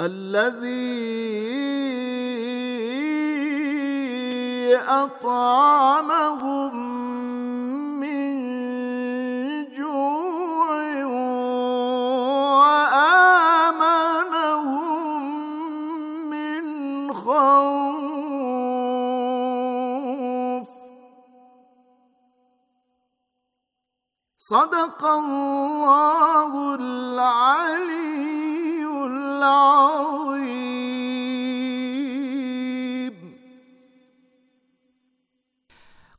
الذي أطعمهم صدق الله العلي العظيم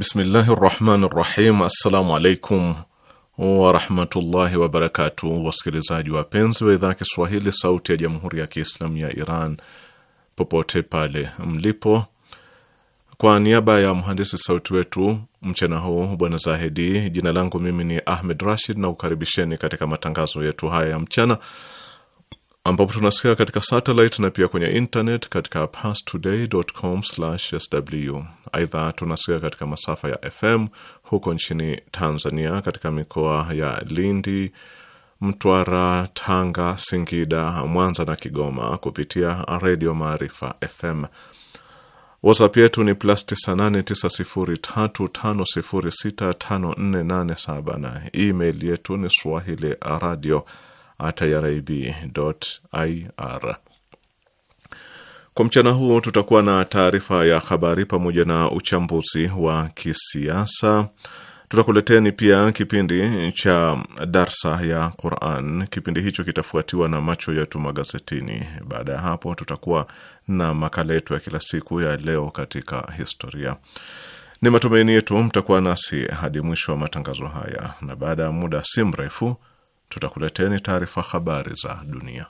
Bismillahi rahmani rahim. Assalamu alaikum warahmatullahi wabarakatu. Wasikilizaji wapenzi wa idhaa Kiswahili sauti ya jamhuri ya Kiislamu ya Iran popote pale mlipo, kwa niaba ya mhandisi sauti wetu mchana huu bwana Zahedi, jina langu mimi ni Ahmed Rashid na ukaribisheni katika matangazo yetu haya ya mchana ambapo tunasikia katika satellite na pia kwenye internet katika pastoday.com/sw. Aidha, tunasikia katika masafa ya FM huko nchini Tanzania katika mikoa ya Lindi, Mtwara, Tanga, Singida, Mwanza na Kigoma kupitia Redio Maarifa FM. WhatsApp yetu ni plus 989035065487 na email yetu ni swahili radio at Kwa mchana huu tutakuwa na taarifa ya habari pamoja na uchambuzi wa kisiasa. Tutakuleteni pia kipindi cha darsa ya Quran. Kipindi hicho kitafuatiwa na macho yetu magazetini. Baada ya hapo, tutakuwa na makala yetu ya kila siku ya leo katika historia. Ni matumaini yetu mtakuwa nasi hadi mwisho wa matangazo haya, na baada ya muda si mrefu tutakuleteni taarifa habari za dunia.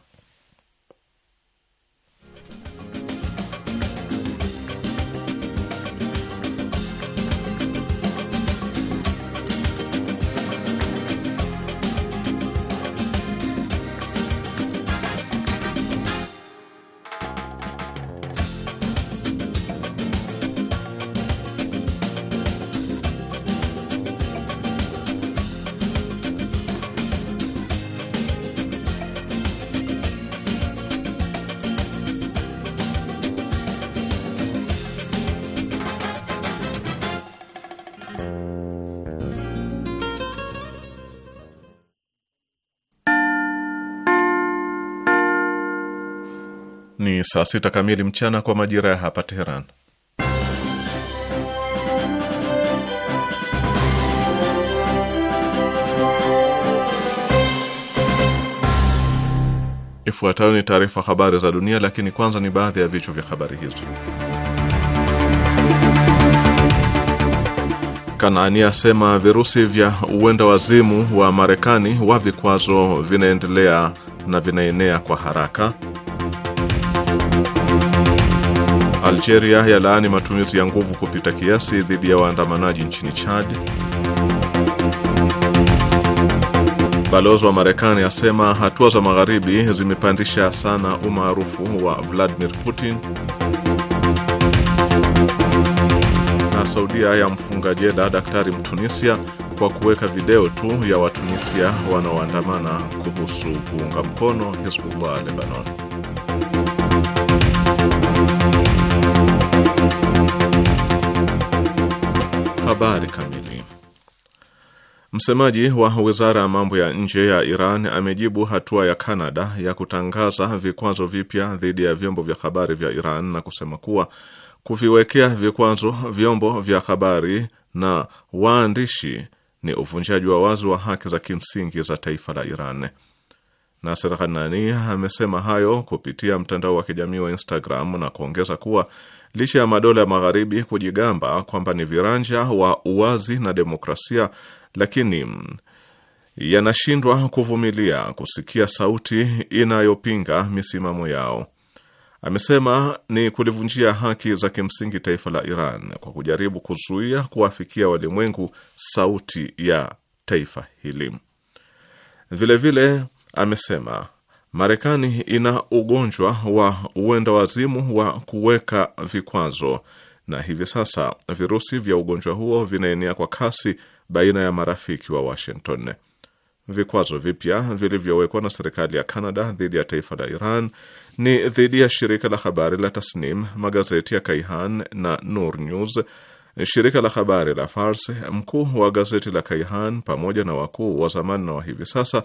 saa sita kamili mchana kwa majira ya hapa Teheran. Ifuatayo ni taarifa habari za dunia, lakini kwanza ni baadhi ya vichwa vya habari hizo. Kanaani asema virusi vya uenda wazimu wa Marekani wa vikwazo vinaendelea na vinaenea kwa haraka. Algeria yalaani matumizi ya nguvu kupita kiasi dhidi ya waandamanaji nchini Chad. Balozi wa Marekani asema hatua za magharibi zimepandisha sana umaarufu wa Vladimir Putin. Na Saudia yamfunga mfunga jela daktari Mtunisia kwa kuweka video tu ya Watunisia wanaoandamana kuhusu kuunga mkono Hezbollah Lebanon. Habari kamili. Msemaji wa wizara ya mambo ya nje ya Iran amejibu hatua ya Kanada ya kutangaza vikwazo vipya dhidi ya vyombo vya habari vya Iran na kusema kuwa kuviwekea vikwazo vyombo vya habari na waandishi ni uvunjaji wa wazi wa haki za kimsingi za taifa la Iran. Nasser hanani amesema hayo kupitia mtandao wa kijamii wa Instagram na kuongeza kuwa Licha ya madola ya magharibi kujigamba kwamba ni viranja wa uwazi na demokrasia, lakini yanashindwa kuvumilia kusikia sauti inayopinga misimamo yao. Amesema ni kulivunjia haki za kimsingi taifa la Iran kwa kujaribu kuzuia kuwafikia walimwengu sauti ya taifa hili. Vilevile vile, amesema Marekani ina ugonjwa wa uenda wazimu wa kuweka vikwazo, na hivi sasa virusi vya ugonjwa huo vinaenea kwa kasi baina ya marafiki wa Washington. Vikwazo vipya vilivyowekwa na serikali ya Canada dhidi ya taifa la Iran ni dhidi ya shirika la habari la Tasnim, magazeti ya Kaihan na Nur News, shirika la habari la Fars, mkuu wa gazeti la Kaihan pamoja na wakuu wa zamani na wa hivi sasa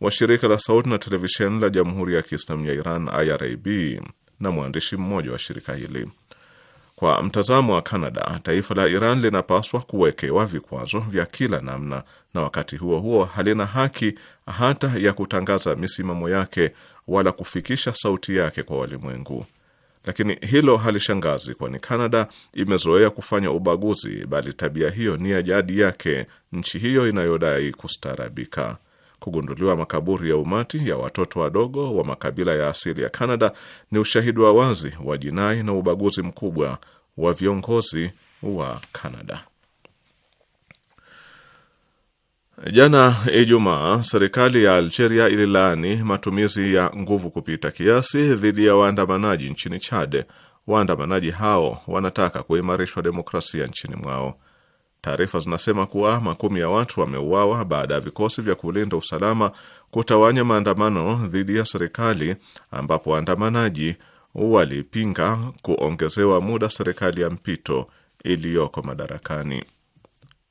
wa shirika la sauti na televisheni la Jamhuri ya Kiislamu ya Iran IRIB na mwandishi mmoja wa shirika hili. Kwa mtazamo wa Kanada, taifa la Iran linapaswa kuwekewa vikwazo vya kila namna, na wakati huo huo halina haki hata ya kutangaza misimamo yake wala kufikisha sauti yake kwa walimwengu. Lakini hilo halishangazi, kwani Kanada imezoea kufanya ubaguzi, bali tabia hiyo ni ya jadi yake, nchi hiyo inayodai kustaarabika kugunduliwa makaburi ya umati ya watoto wadogo wa makabila ya asili ya canada ni ushahidi wa wazi wa jinai na ubaguzi mkubwa wa viongozi wa canada Jana Ijumaa, serikali ya Algeria ililaani matumizi ya nguvu kupita kiasi dhidi ya waandamanaji nchini Chad. Waandamanaji hao wanataka kuimarishwa demokrasia nchini mwao. Taarifa zinasema kuwa makumi ya watu wameuawa baada ya vikosi vya kulinda usalama kutawanya maandamano dhidi ya serikali, ambapo waandamanaji walipinga kuongezewa muda serikali ya mpito iliyoko madarakani.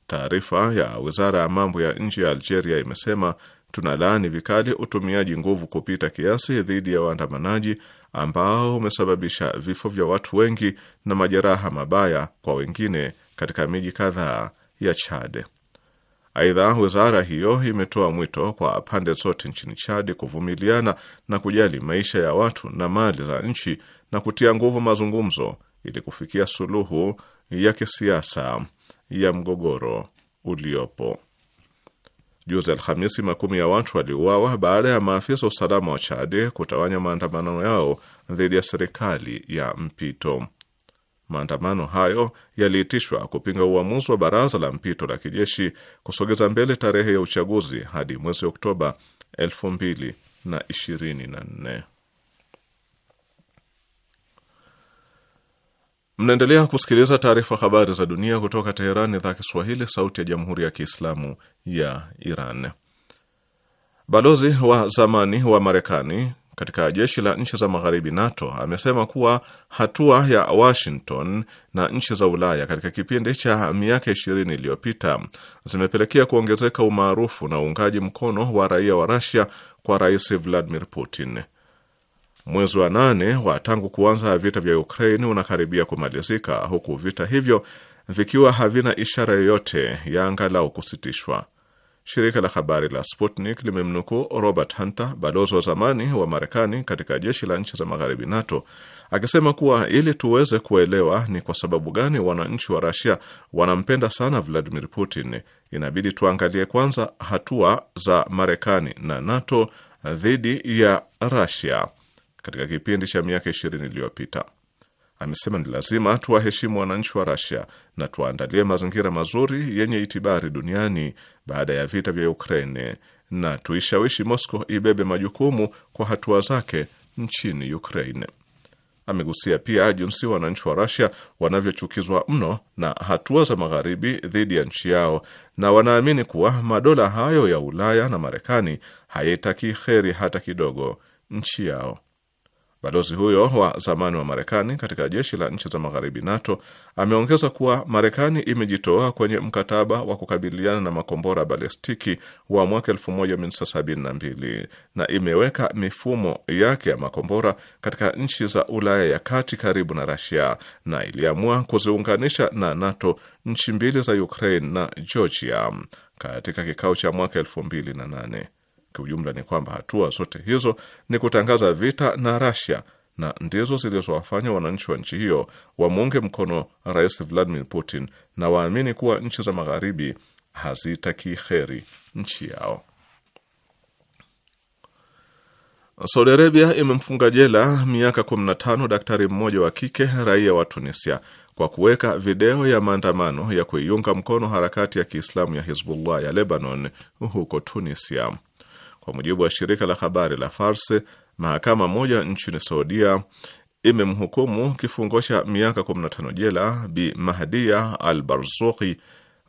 Taarifa ya wizara ya mambo ya nje ya Algeria imesema tunalaani vikali utumiaji nguvu kupita kiasi dhidi ya waandamanaji ambao umesababisha vifo vya watu wengi na majeraha mabaya kwa wengine katika miji kadhaa ya Chad. Aidha, wizara hiyo imetoa mwito kwa pande zote nchini Chad kuvumiliana na kujali maisha ya watu na mali za nchi na kutia nguvu mazungumzo ili kufikia suluhu ya kisiasa ya mgogoro uliopo. Juzi Alhamisi, makumi ya watu waliuawa baada ya maafisa wa usalama wa Chad kutawanya maandamano yao dhidi ya serikali ya mpito. Maandamano hayo yaliitishwa kupinga uamuzi wa baraza la mpito la kijeshi kusogeza mbele tarehe ya uchaguzi hadi mwezi Oktoba 2024. Mnaendelea kusikiliza taarifa habari za dunia kutoka Teherani, idhaa Kiswahili, sauti ya jamhuri ya kiislamu ya Iran. Balozi wa zamani wa Marekani katika jeshi la nchi za magharibi NATO amesema kuwa hatua ya Washington na nchi za Ulaya katika kipindi cha miaka ishirini iliyopita zimepelekea kuongezeka umaarufu na uungaji mkono wa raia wa Russia kwa Rais Vladimir Putin. Mwezi wa nane wa tangu kuanza vita vya Ukraine unakaribia kumalizika huku vita hivyo vikiwa havina ishara yoyote ya angalau kusitishwa. Shirika la habari la Sputnik limemnukuu Robert Hunter, balozi wa zamani wa Marekani katika jeshi la nchi za magharibi NATO, akisema kuwa ili tuweze kuelewa ni kwa sababu gani wananchi wa rasia wanampenda sana Vladimir Putin, inabidi tuangalie kwanza hatua za Marekani na NATO dhidi ya rasia katika kipindi cha miaka 20 iliyopita amesema ni lazima tuwaheshimu wananchi wa Rasia na tuwaandalie mazingira mazuri yenye itibari duniani baada ya vita vya Ukraine na tuishawishi Moscow ibebe majukumu kwa hatua zake nchini Ukraine. Amegusia pia jinsi wananchi wa Rasia wanavyochukizwa mno na hatua za magharibi dhidi ya nchi yao na wanaamini kuwa madola hayo ya Ulaya na Marekani hayaitakii kheri hata kidogo nchi yao. Balozi huyo wa zamani wa Marekani katika jeshi la nchi za magharibi NATO ameongeza kuwa Marekani imejitoa kwenye mkataba wa kukabiliana na makombora balestiki wa mwaka 1972 na imeweka mifumo yake ya makombora katika nchi za Ulaya ya kati karibu na Rasia na iliamua kuziunganisha na NATO nchi mbili za Ukraine na Georgia katika kikao cha mwaka 2008. Kiujumla ni kwamba hatua zote hizo ni kutangaza vita na Rasia na ndizo zilizowafanya wananchi wa nchi hiyo wamuunge mkono Rais Vladimir Putin na waamini kuwa nchi za Magharibi hazitakii kheri nchi yao. Saudi Arabia imemfunga jela miaka 15 daktari mmoja wa kike raia wa Tunisia kwa kuweka video ya maandamano ya kuiunga mkono harakati ya Kiislamu ya Hizbullah ya Lebanon huko Tunisia. Kwa mujibu wa shirika la habari la Fars, mahakama moja nchini Saudia imemhukumu kifungo cha miaka 15 jela Bi Mahdia Al Barzuki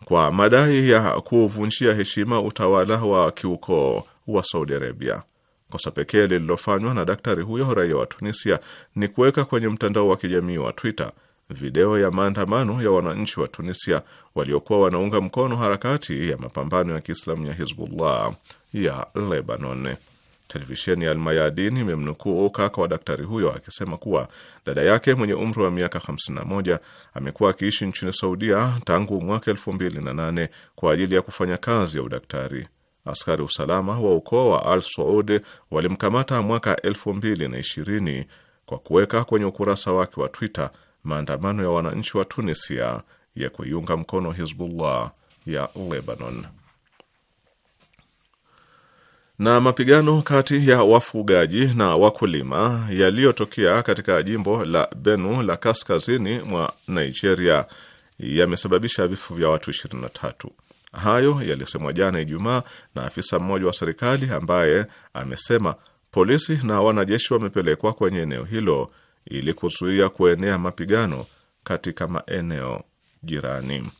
kwa madai ya kuvunjia heshima utawala wa kiukoo wa Saudi Arabia. Kosa pekee lililofanywa na daktari huyo raia wa Tunisia ni kuweka kwenye mtandao wa kijamii wa Twitter video ya maandamano ya wananchi wa Tunisia waliokuwa wanaunga mkono harakati ya mapambano ya Kiislamu ya Hizbullah ya Lebanon. Televisheni ya Almayadin imemnukuu kaka wa daktari huyo akisema kuwa dada yake mwenye umri wa miaka 51 amekuwa akiishi nchini Saudia tangu mwaka 2008 kwa ajili ya kufanya kazi ya udaktari. Askari usalama wa ukoo wa Al Saud walimkamata mwaka 2020 kwa kuweka kwenye ukurasa wake wa Twitter maandamano ya wananchi wa Tunisia ya kuiunga mkono Hizbullah ya Lebanon. Na mapigano kati ya wafugaji na wakulima yaliyotokea katika jimbo la benu la kaskazini mwa Nigeria yamesababisha vifo vya watu 23. Hayo yalisemwa jana Ijumaa na afisa mmoja wa serikali ambaye amesema polisi na wanajeshi wamepelekwa kwenye eneo hilo ili kuzuia kuenea mapigano katika maeneo jirani.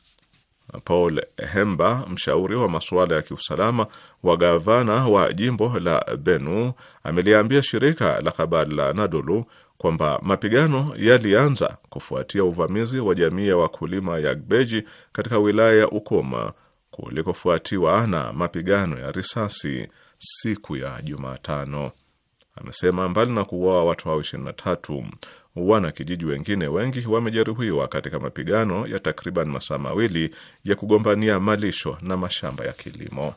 Paul Hemba, mshauri wa masuala ya kiusalama wa gavana wa jimbo la benu ameliambia shirika la habari la Anadolu kwamba mapigano yalianza kufuatia uvamizi wa jamii ya wakulima ya Gbeji katika wilaya ya Ukoma kulikofuatiwa na mapigano ya risasi siku ya Jumatano. Amesema mbali na kuuawa watu hao 23 kijiji wengine wengi wamejeruhiwa katika mapigano ya takriban masaa mawili ya kugombania malisho na mashamba ya kilimo.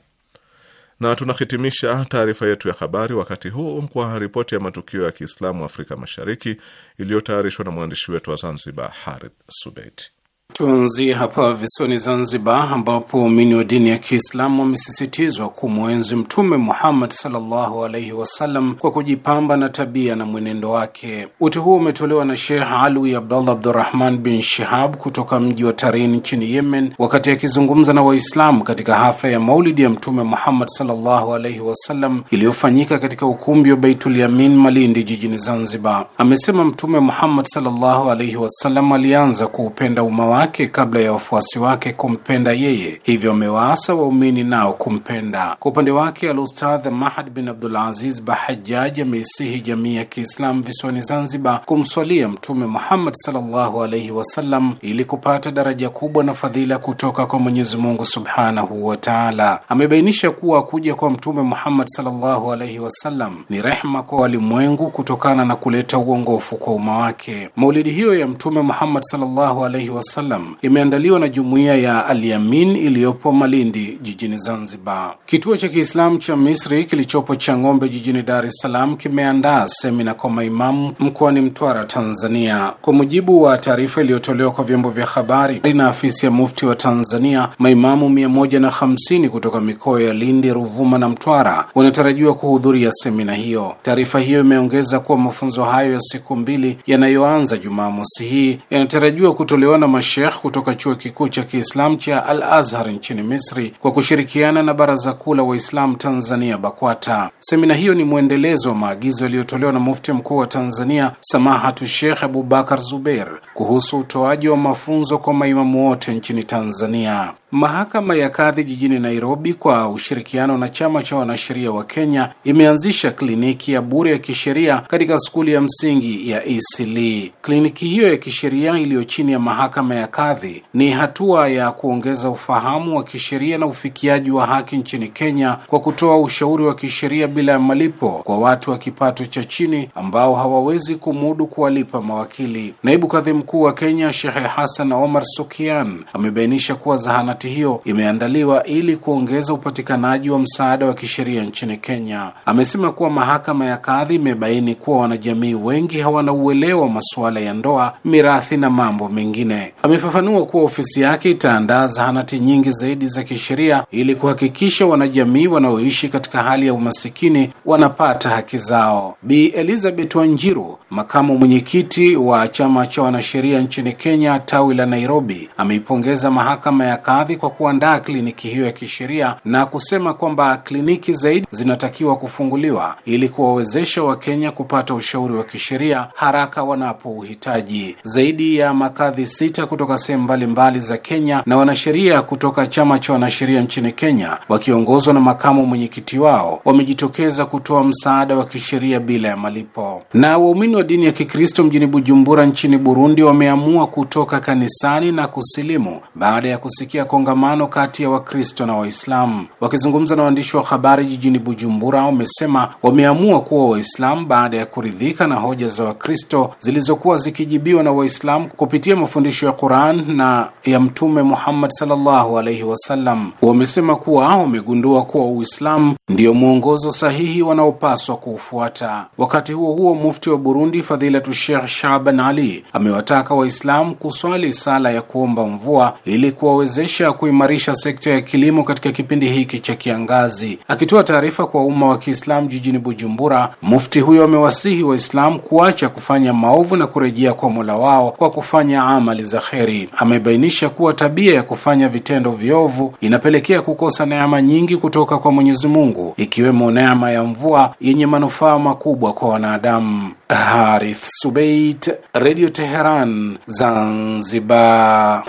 Na tunahitimisha taarifa yetu ya habari wakati huu kwa ripoti ya matukio ya Kiislamu Afrika Mashariki iliyotayarishwa na mwandishi wetu wa Zanzibar, Harith Subeti. Tuanzie hapa visiwani Zanzibar, ambapo waumini wa dini ya Kiislamu wamesisitizwa kumwenzi Mtume Muhammad sallallahu alaihi wasallam kwa kujipamba na tabia na mwenendo wake. Wito huo umetolewa na Sheikh Alwi Abdullah Abdurrahman bin Shihab kutoka mji wa Tarin nchini Yemen, wakati akizungumza na Waislamu katika hafla ya maulidi ya Mtume Muhammad sallallahu alaihi wasallam iliyofanyika katika ukumbi wa Baitul Yamin, Malindi, jijini Zanzibar. Amesema Mtume Muhammad sallallahu alaihi wasallam alianza kuupenda umma yake kabla ya wafuasi wake kumpenda yeye, hivyo amewaasa waumini nao kumpenda. Kwa upande wake, Alustadh Mahad bin Abdul Aziz Bahajaji ameisihi jamii ya Kiislamu visiwani Zanzibar kumswalia Mtume Muhammad sallallahu alaihi wasallam ili kupata daraja kubwa na fadhila kutoka kwa Mwenyezi Mungu subhanahu wa taala. Amebainisha kuwa kuja kwa Mtume Muhammad sallallahu alaihi wasallam ni rehma kwa walimwengu kutokana na kuleta uongofu kwa umma wake. Maulidi hiyo ya Mtume Muhammad sallallahu alaihi wasallam Kiislamu imeandaliwa na jumuiya ya Aliamin iliyopo Malindi jijini Zanzibar. Kituo cha Kiislamu cha Misri kilichopo Chang'ombe jijini Dar es Salaam kimeandaa semina kwa maimamu mkoani Mtwara, Tanzania. Kwa mujibu wa taarifa iliyotolewa kwa vyombo vya habari na afisi ya mufti wa Tanzania, maimamu 150 kutoka mikoa ya Lindi, Ruvuma na Mtwara wanatarajiwa kuhudhuria semina hiyo. Taarifa hiyo imeongeza kuwa mafunzo hayo ya siku mbili yanayoanza Jumamosi hii yanatarajiwa kutolewa na mashehe Sheikh kutoka chuo kikuu cha Kiislamu cha Al Azhar nchini Misri kwa kushirikiana na Baraza Kuu la Waislamu Tanzania BAKWATA. Semina hiyo ni mwendelezo wa maagizo yaliyotolewa na Mufti Mkuu wa Tanzania Samahatu Sheikh Abubakar Zubeir kuhusu utoaji wa mafunzo kwa maimamu wote nchini Tanzania. Mahakama ya Kadhi jijini Nairobi kwa ushirikiano na chama cha wanasheria wa Kenya imeanzisha kliniki ya bure ya kisheria katika skuli ya msingi ya Eastleigh. Kliniki hiyo ya kisheria iliyo chini ya mahakama ya Kadhi ni hatua ya kuongeza ufahamu wa kisheria na ufikiaji wa haki nchini Kenya kwa kutoa ushauri wa kisheria bila ya malipo kwa watu wa kipato cha chini ambao hawawezi kumudu kuwalipa mawakili. Naibu Kadhi mkuu wa Kenya Shehe Hassan Omar Sukian amebainisha kuwa zahanati hiyo imeandaliwa ili kuongeza upatikanaji wa msaada wa kisheria nchini Kenya. Amesema kuwa mahakama ya kadhi imebaini kuwa wanajamii wengi hawana uelewa wa masuala ya ndoa, mirathi na mambo mengine. Amefafanua kuwa ofisi yake itaandaa zahanati nyingi zaidi za kisheria ili kuhakikisha wanajamii wanaoishi katika hali ya umasikini wanapata haki zao. Bi Elizabeth Wanjiru, makamu mwenyekiti wa chama cha wanasheria sheria nchini Kenya tawi la Nairobi ameipongeza mahakama ya kadhi kwa kuandaa kliniki hiyo ya kisheria na kusema kwamba kliniki zaidi zinatakiwa kufunguliwa ili kuwawezesha Wakenya kupata ushauri wa kisheria haraka wanapouhitaji. Zaidi ya makadhi sita kutoka sehemu mbalimbali za Kenya na wanasheria kutoka chama cha wanasheria nchini Kenya wakiongozwa na makamu mwenyekiti wao wamejitokeza kutoa msaada wa kisheria bila ya malipo. Na waumini wa dini ya Kikristo mjini Bujumbura nchini Burundi wameamua kutoka kanisani na kusilimu baada ya kusikia kongamano kati ya Wakristo na Waislamu. Wakizungumza na waandishi wa habari jijini Bujumbura, wamesema wameamua kuwa Waislamu baada ya kuridhika na hoja za Wakristo zilizokuwa zikijibiwa na Waislamu kupitia mafundisho ya Quran na ya Mtume Muhammad sallallahu alaihi wasallam. Wamesema kuwa wamegundua kuwa Uislamu ndiyo mwongozo sahihi wanaopaswa kuufuata. Wakati huo huo, mufti wa Burundi Fadhilatu Sheikh Shaban Ali amewataka kuwataka Waislamu kuswali sala ya kuomba mvua ili kuwawezesha kuimarisha sekta ya kilimo katika kipindi hiki cha kiangazi. Akitoa taarifa kwa umma wa Kiislamu jijini Bujumbura, mufti huyo amewasihi Waislamu kuacha kufanya maovu na kurejea kwa Mola wao kwa kufanya amali za kheri. Amebainisha kuwa tabia ya kufanya vitendo viovu inapelekea kukosa neema nyingi kutoka kwa Mwenyezi Mungu, ikiwemo neema ya mvua yenye manufaa makubwa kwa wanadamu. Harith Subeit, Radio Teheran, Zanzibar.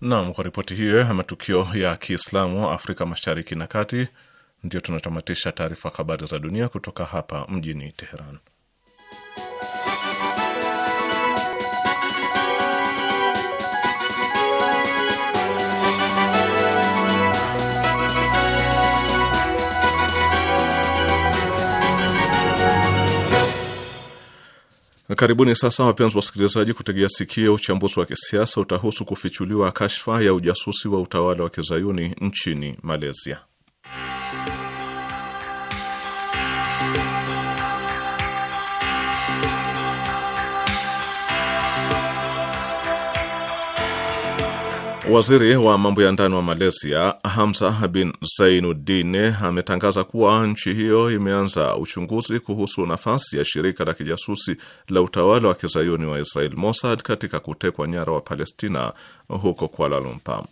Naam, kwa ripoti hiyo ya matukio ya Kiislamu Afrika Mashariki na Kati, ndio tunatamatisha taarifa habari za dunia kutoka hapa mjini Teheran. Na karibuni sasa, wapenzi wasikilizaji, kutegea sikio uchambuzi wa kisiasa utahusu kufichuliwa kashfa ya ujasusi wa utawala wa kizayuni nchini Malaysia. Waziri wa mambo ya ndani wa Malaysia Hamsa bin Zainuddin ametangaza kuwa nchi hiyo imeanza uchunguzi kuhusu nafasi ya shirika la kijasusi la utawala wa kizayuni wa Israel Mossad katika kutekwa nyara wa Palestina huko Kuala Lumpur.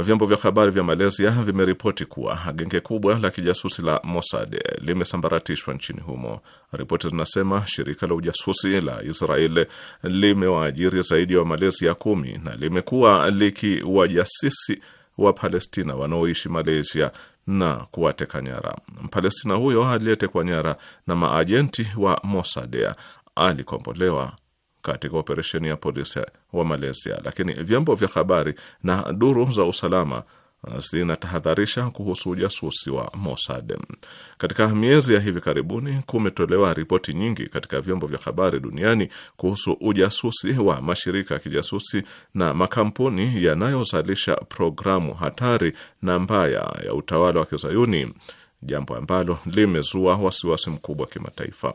Vyombo vya habari vya Malaysia vimeripoti kuwa genge kubwa la kijasusi la Mossad limesambaratishwa nchini humo. Ripoti zinasema shirika la ujasusi la Israel limewaajiri zaidi ya wa Malaysia kumi na limekuwa likiwajasisi wa Palestina wanaoishi Malaysia na kuwateka nyara. Mpalestina huyo aliyetekwa nyara na maajenti wa Mossad alikombolewa katika operesheni ya polisi wa Malaysia, lakini vyombo vya habari na duru za usalama uh, zinatahadharisha kuhusu ujasusi wa Mossad. Katika miezi ya hivi karibuni, kumetolewa ripoti nyingi katika vyombo vya habari duniani kuhusu ujasusi wa mashirika ya kijasusi na makampuni yanayozalisha programu hatari na mbaya ya utawala wa Kizayuni, jambo ambalo limezua wasiwasi mkubwa kimataifa.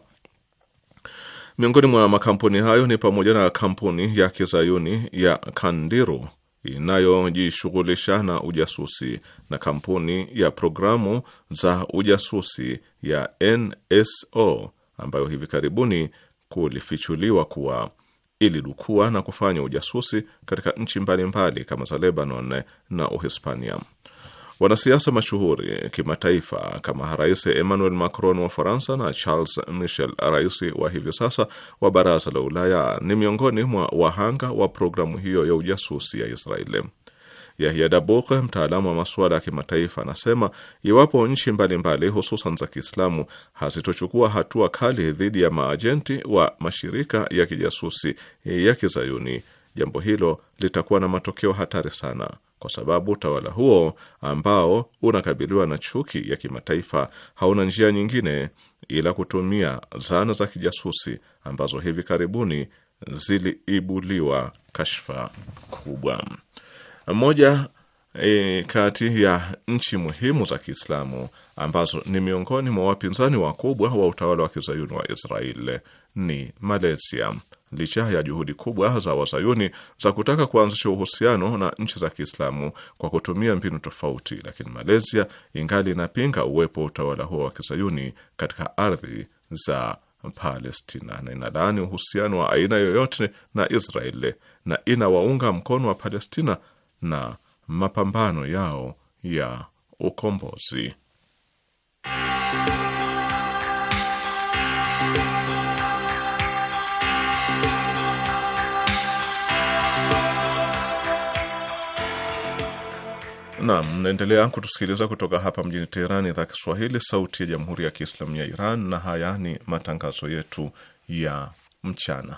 Miongoni mwa makampuni hayo ni pamoja na kampuni ya kizayuni ya Kandiru inayojishughulisha na ujasusi na kampuni ya programu za ujasusi ya NSO ambayo hivi karibuni kulifichuliwa kuwa ilidukua na kufanya ujasusi katika nchi mbalimbali kama za Lebanon na Uhispania. Wanasiasa mashuhuri kimataifa kama Rais Emmanuel Macron wa Faransa na Charles Michel, rais wa hivi sasa wa Baraza la Ulaya, ni miongoni mwa wahanga wa programu hiyo ya ujasusi ya Israeli. Yahya Dabuk, mtaalamu wa masuala ya kimataifa, anasema iwapo nchi mbalimbali hususan za Kiislamu hazitochukua hatua kali dhidi ya maajenti wa mashirika ya kijasusi ya Kizayuni, jambo hilo litakuwa na matokeo hatari sana kwa sababu utawala huo ambao unakabiliwa na chuki ya kimataifa hauna njia nyingine ila kutumia zana za kijasusi ambazo hivi karibuni ziliibuliwa kashfa kubwa. Moja e, kati ya nchi muhimu za Kiislamu ambazo ni miongoni mwa wapinzani wakubwa wa utawala wa kizayuni wa Israel ni Malaysia licha ya juhudi kubwa za wazayuni za kutaka kuanzisha uhusiano na nchi za Kiislamu kwa kutumia mbinu tofauti, lakini Malaysia ingali inapinga uwepo wa utawala huo wa kizayuni katika ardhi za Palestina na inalaani uhusiano wa aina yoyote na Israeli na inawaunga mkono wa Palestina na mapambano yao ya ukombozi. Naam, mnaendelea kutusikiliza kutoka hapa mjini teheran idhaa Kiswahili, sauti ya jamhuri ya kiislamu ya Iran, na haya ni matangazo yetu ya mchana.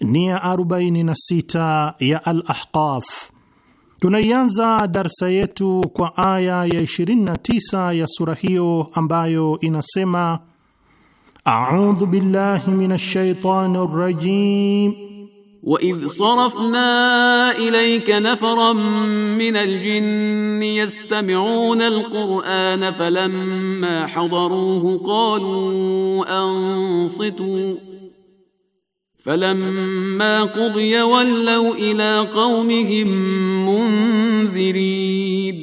ni ya 46 ya Al-Ahqaf. Tunaianza darsa yetu kwa aya ya 29 ya sura hiyo ambayo inasema: audhu billahi minash shaitani rrajim وإذ صرفنا إليك نفرا من الجن يستمعون القرآن فلما حضروه قالوا أنصتوا Falamma qudiya wallaw ila qaumihim mundhirin,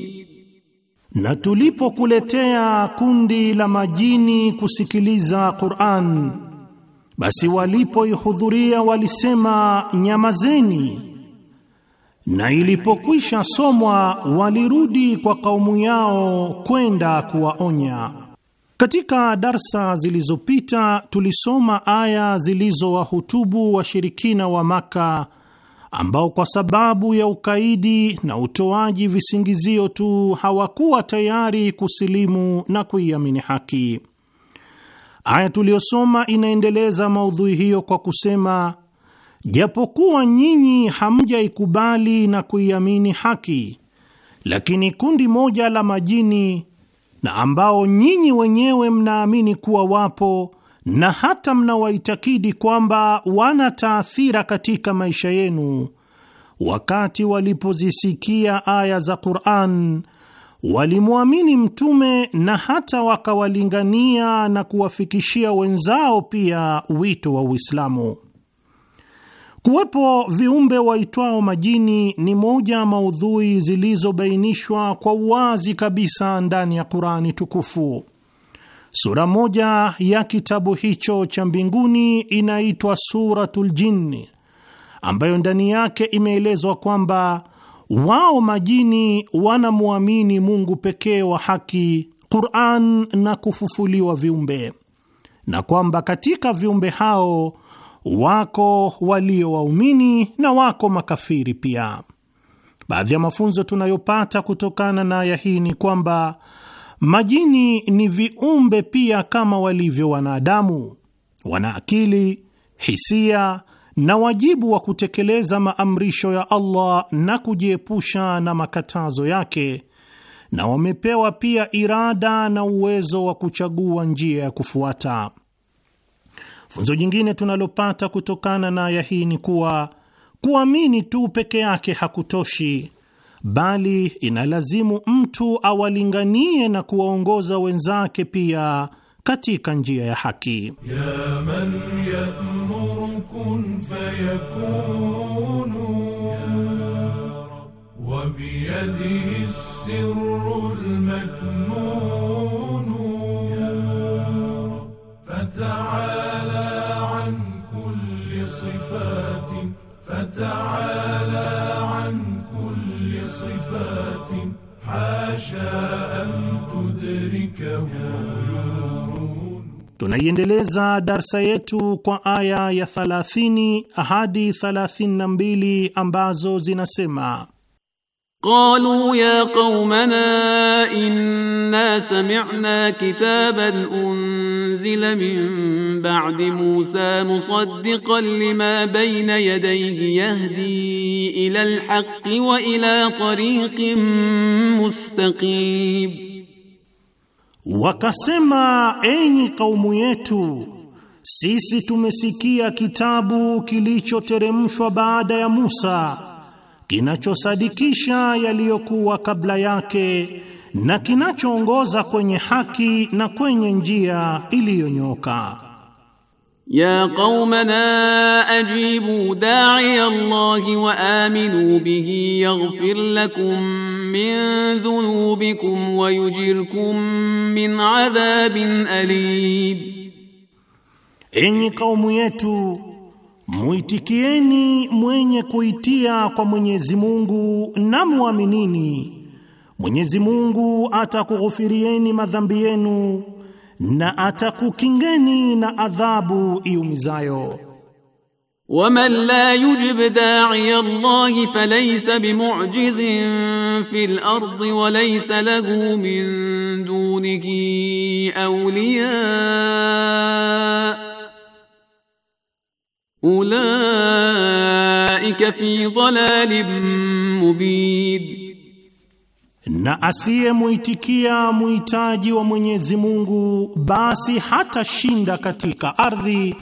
na tulipokuletea kundi la majini kusikiliza Qur'an, basi walipoihudhuria walisema nyamazeni, na ilipokwisha somwa walirudi kwa kaumu yao kwenda kuwaonya. Katika darsa zilizopita tulisoma aya zilizowahutubu washirikina wa Maka ambao kwa sababu ya ukaidi na utoaji visingizio tu hawakuwa tayari kusilimu na kuiamini haki. Aya tuliyosoma inaendeleza maudhui hiyo kwa kusema, japokuwa nyinyi hamjaikubali na kuiamini haki, lakini kundi moja la majini na ambao nyinyi wenyewe mnaamini kuwa wapo na hata mnawaitakidi kwamba wana taathira katika maisha yenu, wakati walipozisikia aya za Qur'an walimwamini mtume na hata wakawalingania na kuwafikishia wenzao pia wito wa Uislamu. Kuwepo viumbe waitwao majini ni moja maudhui zilizobainishwa kwa uwazi kabisa ndani ya Kurani tukufu. Sura moja ya kitabu hicho cha mbinguni inaitwa Suratul Jinni, ambayo ndani yake imeelezwa kwamba wao majini wanamwamini Mungu pekee wa haki, Quran na kufufuliwa viumbe, na kwamba katika viumbe hao wako walio waumini na wako makafiri pia. Baadhi ya mafunzo tunayopata kutokana na aya hii ni kwamba majini ni viumbe pia kama walivyo wanadamu, wana akili, hisia na wajibu wa kutekeleza maamrisho ya Allah na kujiepusha na makatazo yake, na wamepewa pia irada na uwezo wa kuchagua njia ya kufuata. Funzo jingine tunalopata kutokana na aya hii ni kuwa kuamini tu peke yake hakutoshi, bali inalazimu mtu awalinganie na kuwaongoza wenzake pia katika njia ya haki ya man تعالى عن كل صفات حاشا أن تدركه Tunaiendeleza darsa yetu kwa aya ya 30 hadi 32 ambazo zinasema قالوا يا قومنا إنا سمعنا كتابا أنزل من بعد موسى مصدقا لما بين يديه يهدي إلى الحق وإلى طريق مستقيم أين قوم يتو سيسي تمسكي كتاب kitabu ترمشو بعد يا مُوسَى kinachosadikisha yaliyokuwa kabla yake na kinachoongoza kwenye haki na kwenye njia iliyonyoka Ya qaumana ajibu da'i Allah wa aminu bihi yaghfir lakum min dhunubikum wa yujirkum min adhabin alim, enyi kaumu yetu Muitikieni mwenye kuitia kwa Mwenyezi Mungu na muaminini. Mwenyezi Mungu atakughufirieni madhambi yenu na atakukingeni na adhabu iumizayo. Waman la yujib da'i Allah falaysa bimu'jizin fil ardi wa laysa lahu min dunihi awliya ulaika fi dhalalin mubin, na asiyemuitikia muhitaji wa Mwenyezi Mungu basi hatashinda katika ardhi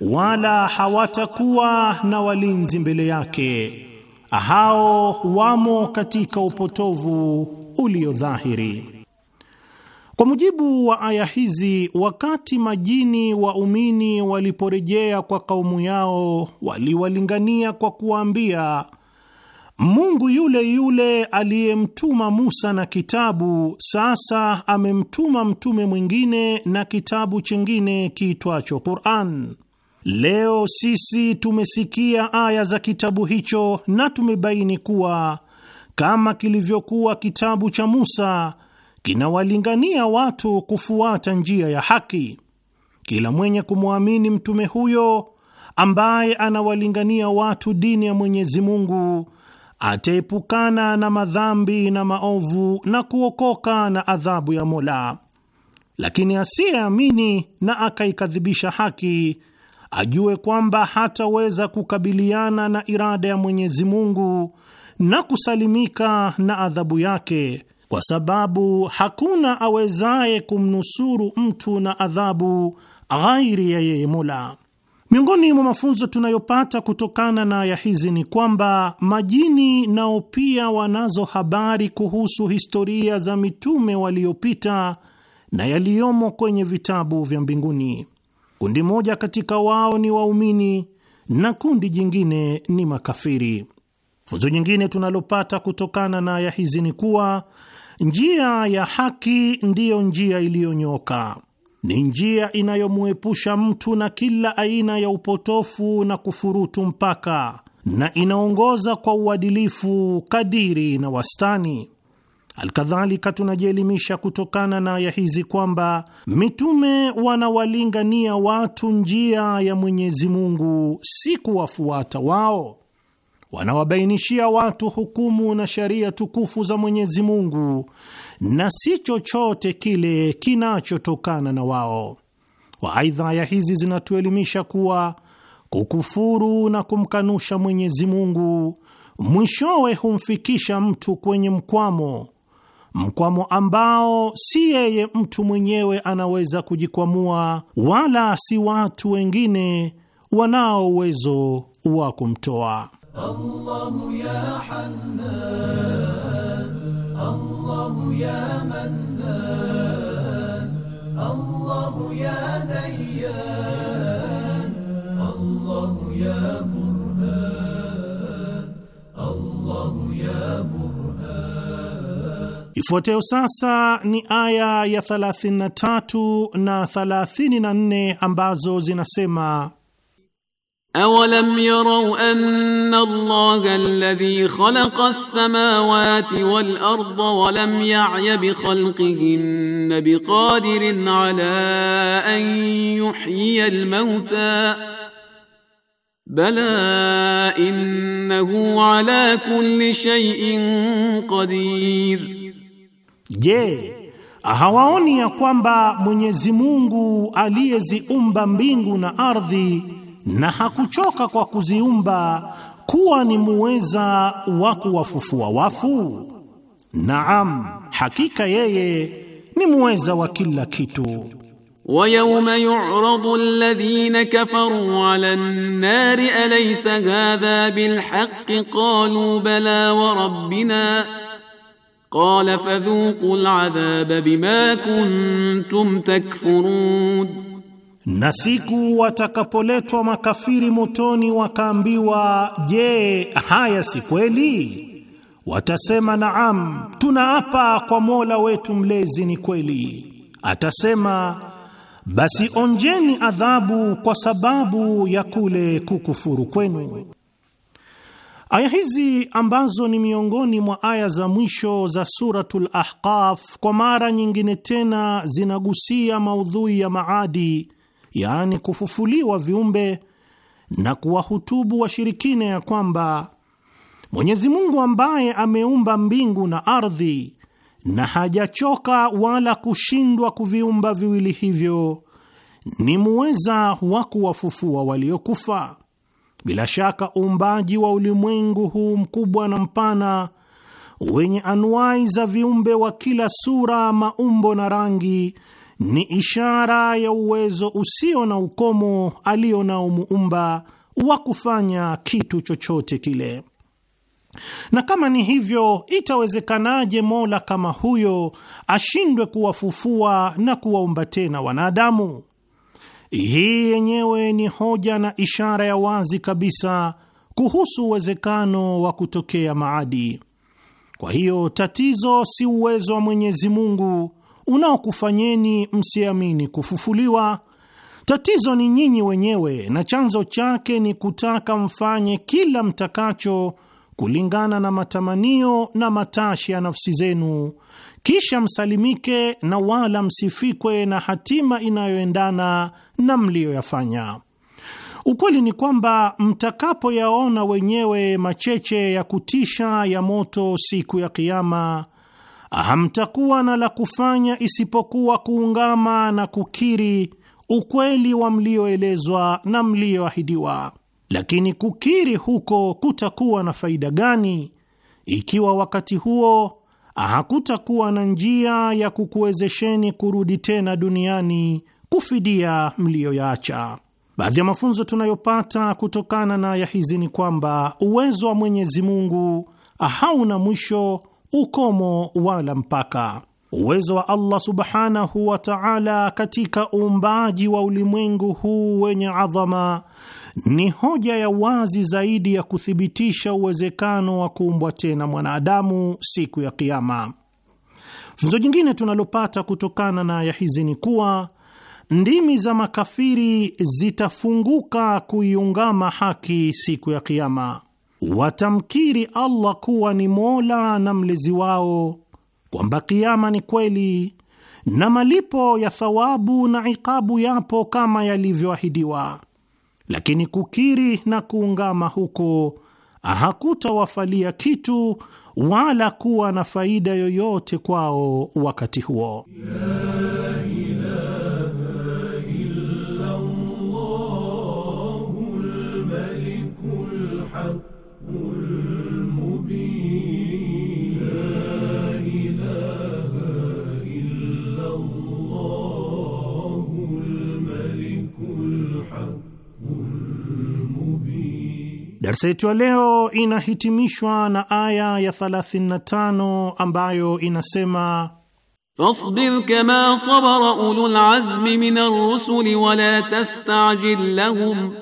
wala hawatakuwa na walinzi mbele yake. Hao wamo katika upotovu ulio dhahiri. Kwa mujibu wa aya hizi, wakati majini waumini waliporejea kwa kaumu yao, waliwalingania kwa kuwaambia, Mungu yule yule aliyemtuma Musa na kitabu, sasa amemtuma mtume mwingine na kitabu chingine kiitwacho Qur'an. Leo sisi tumesikia aya za kitabu hicho na tumebaini kuwa kama kilivyokuwa kitabu cha Musa kinawalingania watu kufuata njia ya haki. Kila mwenye kumwamini mtume huyo ambaye anawalingania watu dini ya Mwenyezi Mungu ataepukana na madhambi na maovu na kuokoka na adhabu ya Mola, lakini asiyeamini na akaikadhibisha haki ajue kwamba hataweza kukabiliana na irada ya Mwenyezi Mungu na kusalimika na adhabu yake kwa sababu hakuna awezaye kumnusuru mtu na adhabu ghairi ya yeye Mola. Miongoni mwa mafunzo tunayopata kutokana na aya hizi ni kwamba majini nao pia wanazo habari kuhusu historia za mitume waliopita na yaliyomo kwenye vitabu vya mbinguni. Kundi moja katika wao ni waumini na kundi jingine ni makafiri. Funzo nyingine tunalopata kutokana na aya hizi ni kuwa Njia ya haki ndiyo njia iliyonyoka, ni njia inayomwepusha mtu na kila aina ya upotofu na kufurutu mpaka, na inaongoza kwa uadilifu kadiri na wastani. Alkadhalika, tunajielimisha kutokana na aya hizi kwamba mitume wanawalingania watu njia ya Mwenyezi Mungu, si kuwafuata wao wanawabainishia watu hukumu na sheria tukufu za Mwenyezi Mungu na si chochote kile kinachotokana na wao. Waaidha, aya hizi zinatuelimisha kuwa kukufuru na kumkanusha Mwenyezi Mungu mwishowe humfikisha mtu kwenye mkwamo, mkwamo ambao si yeye mtu mwenyewe anaweza kujikwamua, wala si watu wengine wanao uwezo wa kumtoa. الله يا حنان الله يا منان الله يا ديان الله يا برهان الله يا برهان. Ifuatayo sasa ni aya ya 33 na 34 ambazo zinasema أولم يروا أن الله الذي خلق السماوات والأرض ولم يعي بخلقهن بقادر على أن يحيي الموتى بلى إنه على كل شيء قدير Je, hawaoni ya kwamba Mwenyezi Mungu aliyeziumba mbingu na ardhi na hakuchoka kwa kuziumba kuwa ni muweza wa kuwafufua wafu? Naam, hakika yeye ni muweza wa kila kitu. ويوم يعرض الذين كفروا على النار أليس هذا بالحق قالوا بلى وربنا قال فذوقوا العذاب بما كنتم تكفرون Na siku watakapoletwa makafiri motoni wakaambiwa, je, haya si kweli? Watasema, naam, tunaapa kwa Mola wetu mlezi ni kweli. Atasema, basi onjeni adhabu kwa sababu ya kule kukufuru kwenu. Aya hizi ambazo ni miongoni mwa aya za mwisho za Suratul Ahqaf, kwa mara nyingine tena zinagusia maudhui ya maadi yaani kufufuliwa viumbe, na kuwahutubu washirikina ya kwamba Mwenyezi Mungu ambaye ameumba mbingu na ardhi na hajachoka wala kushindwa kuviumba viwili hivyo ni muweza wa kuwafufua waliokufa. Bila shaka uumbaji wa ulimwengu huu mkubwa na mpana wenye anuwai za viumbe wa kila sura, maumbo na rangi ni ishara ya uwezo usio na ukomo alio nao muumba wa kufanya kitu chochote kile. Na kama ni hivyo, itawezekanaje Mola kama huyo ashindwe kuwafufua na kuwaumba tena wanadamu? Hii yenyewe ni hoja na ishara ya wazi kabisa kuhusu uwezekano wa kutokea maadi. Kwa hiyo tatizo si uwezo wa Mwenyezi Mungu unaokufanyeni msiamini kufufuliwa. Tatizo ni nyinyi wenyewe, na chanzo chake ni kutaka mfanye kila mtakacho kulingana na matamanio na matashi ya nafsi zenu, kisha msalimike na wala msifikwe na hatima inayoendana na mliyoyafanya. Ukweli ni kwamba mtakapoyaona wenyewe macheche ya kutisha ya moto siku ya Kiama, hamtakuwa na la kufanya isipokuwa kuungama na kukiri ukweli wa mlioelezwa na mlioahidiwa. Lakini kukiri huko kutakuwa na faida gani ikiwa wakati huo hakutakuwa na njia ya kukuwezesheni kurudi tena duniani kufidia mliyoyaacha? Baadhi ya mafunzo tunayopata kutokana na aya hizi ni kwamba uwezo wa Mwenyezi Mungu hauna mwisho ukomo wala mpaka. Uwezo wa Allah subhanahu wa ta'ala katika uumbaji wa ulimwengu huu wenye adhama ni hoja ya wazi zaidi ya kuthibitisha uwezekano wa kuumbwa tena mwanadamu siku ya Kiama. Funzo jingine tunalopata kutokana na aya hizi ni kuwa ndimi za makafiri zitafunguka kuiungama haki siku ya Kiama watamkiri Allah kuwa ni Mola na mlezi wao, kwamba kiama ni kweli na malipo ya thawabu na ikabu yapo kama yalivyoahidiwa, lakini kukiri na kuungama huko hakutawafalia kitu wala kuwa na faida yoyote kwao wakati huo. Darsa yetu ya leo inahitimishwa na aya ya 35 ambayo inasema Fasbir kama sabara ulul azmi minar rusuli wala tastajil lahum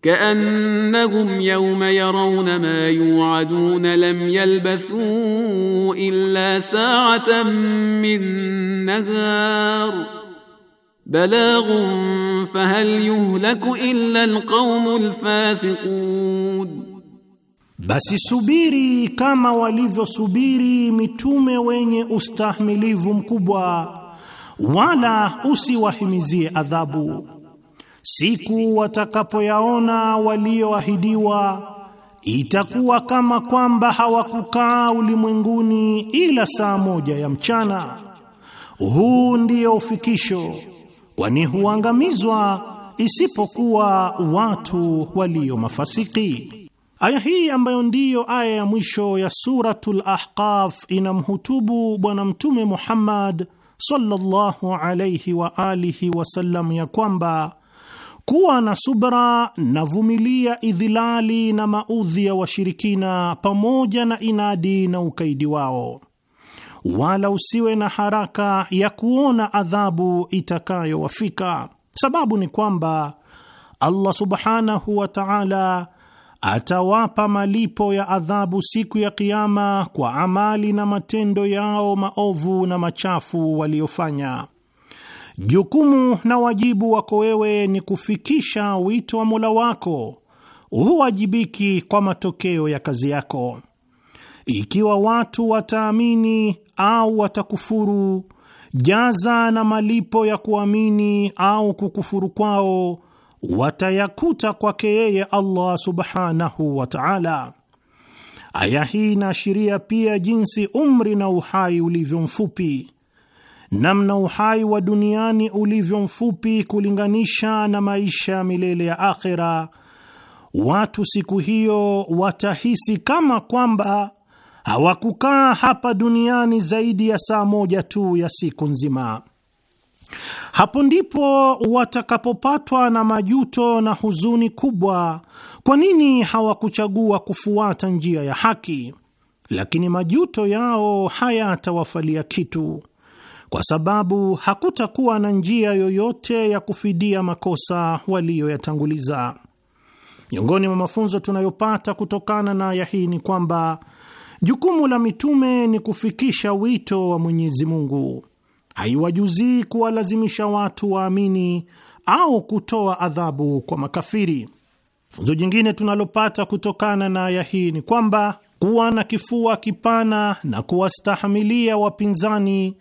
kaannahum yawma yarawna ma yu'aduna lam yalbathu illa sa'atan min nahar balaghun fahal yuhlaku illa alqaumul fasiqun, basi subiri kama walivyosubiri mitume wenye ustahimilivu mkubwa, wala usiwahimizie adhabu. Siku watakapoyaona walioahidiwa itakuwa kama kwamba hawakukaa ulimwenguni ila saa moja ya mchana. Huu ndio ufikisho kwani huangamizwa isipokuwa watu walio mafasiki. Aya hii ambayo ndiyo aya ya mwisho ya Suratul Ahqaf inamhutubu Bwana Mtume Muhammad sallallahu alayhi wa alihi wasallam ya kwamba kuwa na subra na vumilia idhilali na maudhi ya washirikina pamoja na inadi na ukaidi wao wala usiwe na haraka ya kuona adhabu itakayowafika. Sababu ni kwamba Allah subhanahu wa ta'ala atawapa malipo ya adhabu siku ya Kiama kwa amali na matendo yao maovu na machafu waliofanya. Jukumu na wajibu wako wewe ni kufikisha wito wa Mola wako, huwajibiki kwa matokeo ya kazi yako. Ikiwa watu wataamini au watakufuru, jaza na malipo ya kuamini au kukufuru kwao watayakuta kwake yeye Allah subhanahu wa ta'ala. Aya hii inaashiria pia jinsi umri na uhai ulivyo mfupi, namna uhai wa duniani ulivyo mfupi kulinganisha na maisha ya milele ya akhera. Watu siku hiyo watahisi kama kwamba hawakukaa hapa duniani zaidi ya saa moja tu ya siku nzima. Hapo ndipo watakapopatwa na majuto na huzuni kubwa, kwa nini hawakuchagua kufuata njia ya haki. Lakini majuto yao hayatawafalia kitu, kwa sababu hakutakuwa na njia yoyote ya kufidia makosa waliyoyatanguliza. Miongoni mwa mafunzo tunayopata kutokana na aya hii ni kwamba Jukumu la mitume ni kufikisha wito wa Mwenyezi Mungu. Haiwajuzii kuwalazimisha watu waamini au kutoa adhabu kwa makafiri. Funzo jingine tunalopata kutokana na aya hii ni kwamba kuwa na kifua kipana na kuwastahamilia wapinzani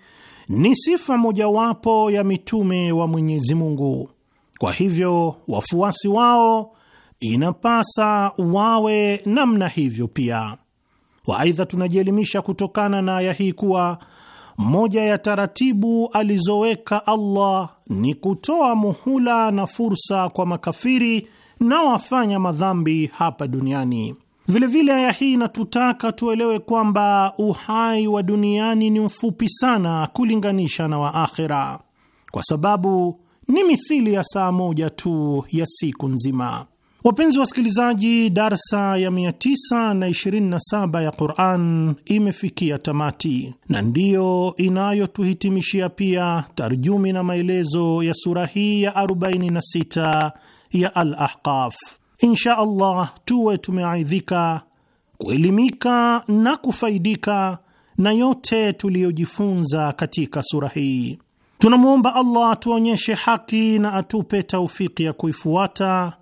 ni sifa mojawapo ya mitume wa Mwenyezi Mungu. Kwa hivyo wafuasi wao inapasa wawe namna hivyo pia wa. Aidha, tunajielimisha kutokana na aya hii kuwa moja ya taratibu alizoweka Allah ni kutoa muhula na fursa kwa makafiri na wafanya madhambi hapa duniani. Vilevile aya hii inatutaka tuelewe kwamba uhai wa duniani ni mfupi sana kulinganisha na wa kwa sababu ni mithili ya saa moja tu ya siku nzima. Wapenzi wasikilizaji, darsa ya 927 ya Quran imefikia tamati na ndiyo inayotuhitimishia pia tarjumi na maelezo ya sura hii ya 46 ya Al-Ahqaf. Insha Allah tuwe tumeaidhika, kuelimika na kufaidika na yote tuliyojifunza katika sura hii. Tunamwomba Allah atuonyeshe haki na atupe taufiki ya kuifuata